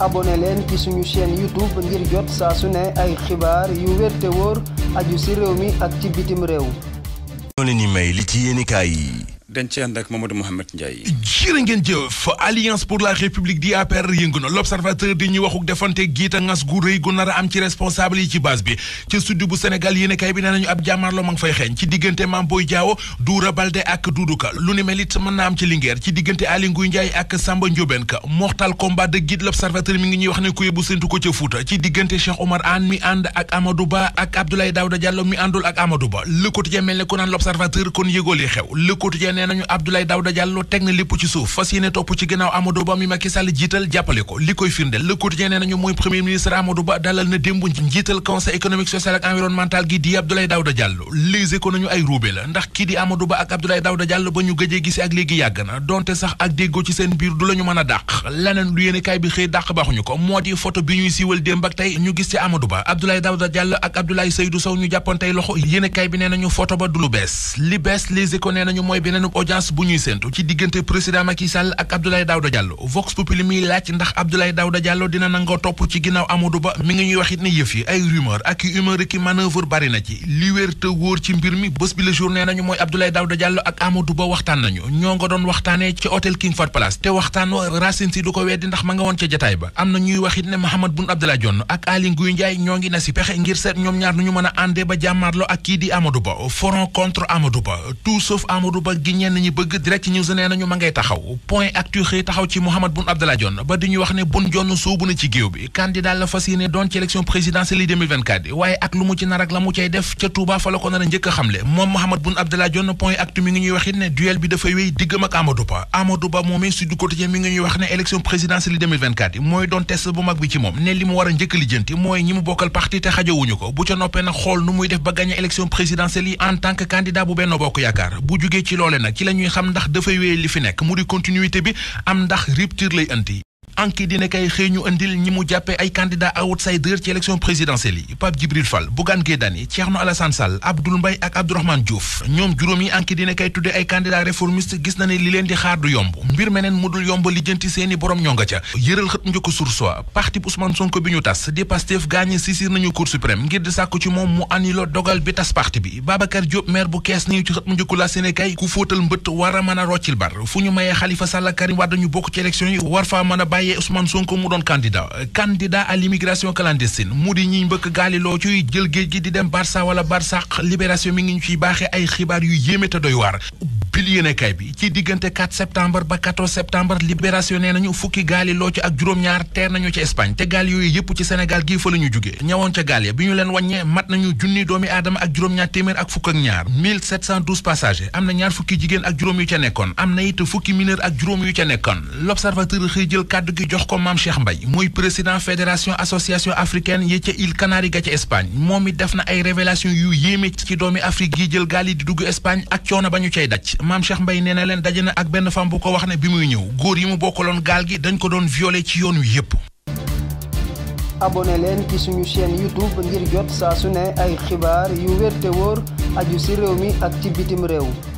abonné leen ci suñu chaîne YouTube ngir jot saa su ne ay xibaar yu wér te wóor aju ci réew mi ak ci bitim réew. ñoo leen di may li ci yéenekaay yi. dañ ci ànd ak Mamadou Mouhamed Ndiaye. jërë ngeen jëf alliance pour la république di APR yëngu na di ñu waxuk defante giita ngas gu rëy gu nar a am ci responsable yi ci base bi ca sud bu Sénégal yéen kay bi nee nañu ab jàmmaarloo ma ngi fay xeeñ ci diggante Mame Boye Diao Doura Baldé ak Doudou lu ni mel it mën na am ci Linguère ci diggante Aly Ngouille Ndiaye ak Samba Ndiobène mortal combat de guide l' mi ngi ñuy wax ne ku yóbbu nee nañu Abdoulaye Daouda ndax kii di Amadou Ba ak Abdoulaye Daouda Diallo ba ñu gëjee gisi ak léegi yàgg na donte sax ak déggoo ci seen biir du la ñu a dàq leneen lu yéene bi xëy dàq baaxuñu ko moo di photo bi ñuy siiwal démb ak tey ñu gis ci Amadou Ba Abdoulaye Daouda Diallo ak Abdoulaye Seydou Sow ñu jàppantey loxo yéene bi nee nañu photo ba du lu bees li bees Les Échos nee nañu mooy beneen audience bu ñuy séntu ci diggante président Macky Sall ak Abdoulaye Daouda Diallo Vox Populi mi laaj ndax Abdoulaye Daouda Diallo dina nangoo topp ci ginnaaw Amadou Ba mi ngi ñuy wax ne yëf yi ay rumeur ak i humeur ki manœuvre bari na ci li wér te wóor ci mbir mi bés bi la journée nañu mooy Abdoulaye Daouda Diallo ak Amadou Ba waxtaan nañu ñoo nga doon waxtaanee ci hôtel King Fahd te waxtaan Racine Sy du ko weddi ndax ma nga woon ca jataay a ñenn ñi bëgg direct news nee nañu ma ngay taxaw point actu xëy taxaw ci Mahammed Boun Abdallah Dionne ba di ñu wax ne Boun Dionne soobu na ci géew bi candidat la fas yéene doon ci élection présidentielle yi 2024 waaye yi mooy doon test bu mag bi ci moom ne li mu war njëkk lijjanti mooy ñi mu bokkal parti te xajowuñu ko bu ca noppee nag xool nu muy def ba gagné élection présidentielle yi en tant que bu Benno Bokk Yaakaar bu jugee ci loolee nag ci la ñuy xam ndax dafay wéy li fi nekk mu di continuité bi am dax rupture lay indi anki dina kay xëy ñu andil ñi mu jàppee ay candidat outsider ci élection présidentielle yi Pape Djibril Fall Bougane Gueye Dany Thierno Alassane Sall Abdoul Mbaye ak Abdourahmane Diouf ñoom juróom yi anki dina kay tudde ay candidat réformiste gis na ne li leen di xaar du yomb mbir meneen mu dul yomb lijjanti seeni borom ñoo nga ca yëral xët njëkk sursoir parti bu Ousmane Sonko bi ñu tas di Pastef gaañe nañu Cour suprême ngir di sàkku ci moom mu annulé dogal bi tas parti bi Babacar kees niñu ci xët mu njëkku la war a mën a roccil bar fu ñu mayee Khalifa Sall Karim Wade ñu bokk ci élection yee Ousmane Sonko mu doon candidat candidat à l'immigration clandestine mu di ñuy mbëkk gaaliloo ciy jël géej gi di dem barsa wala Barsaq libération mi ngi ñu ciy baaxee ay xibaar yu yéeme te doy waar ubbil yéenekaay bi ci diggante 4 septembre ba 14 septembre libération nee nañu fukki gaal looco ak juróom-ñaar teer nañu ci Espagne te gaal yooyu yëpp ci Sénégal gii fa la ñu jóge ñëwoon ca gaal ya bi ñu leen wàññee mat nañu junni doomi aadama ak juróom-ñaar téeméer ak fukk ak ñaar 1712 am na ñaar fukki jigéen ak juróom yu ca nekkoon am na it fukki mineur ak juróom yu ca nekkoon l'observateur xëy jël kàddu gi jox ko Mame Cheikh Mbaye muy président fédération association africaine yi ca île Canaries ga ca Espagne moom it na ay révélation yu yéeme ci doomi Afrique yi jël gaal yi di dugg Espagne ak coono ba daj maam Cheikh nee na leen daje na ak benn femme bu ko wax ne bi muy ñëw góor yi mu bokkaloon gaal gi dañ ko doon violé ci yoon wi yépp leen ci suñu chaîne youtube ngir jot saa su ne ay xibaar yu wér te wóor aju ci réew mi ak ci bitim réew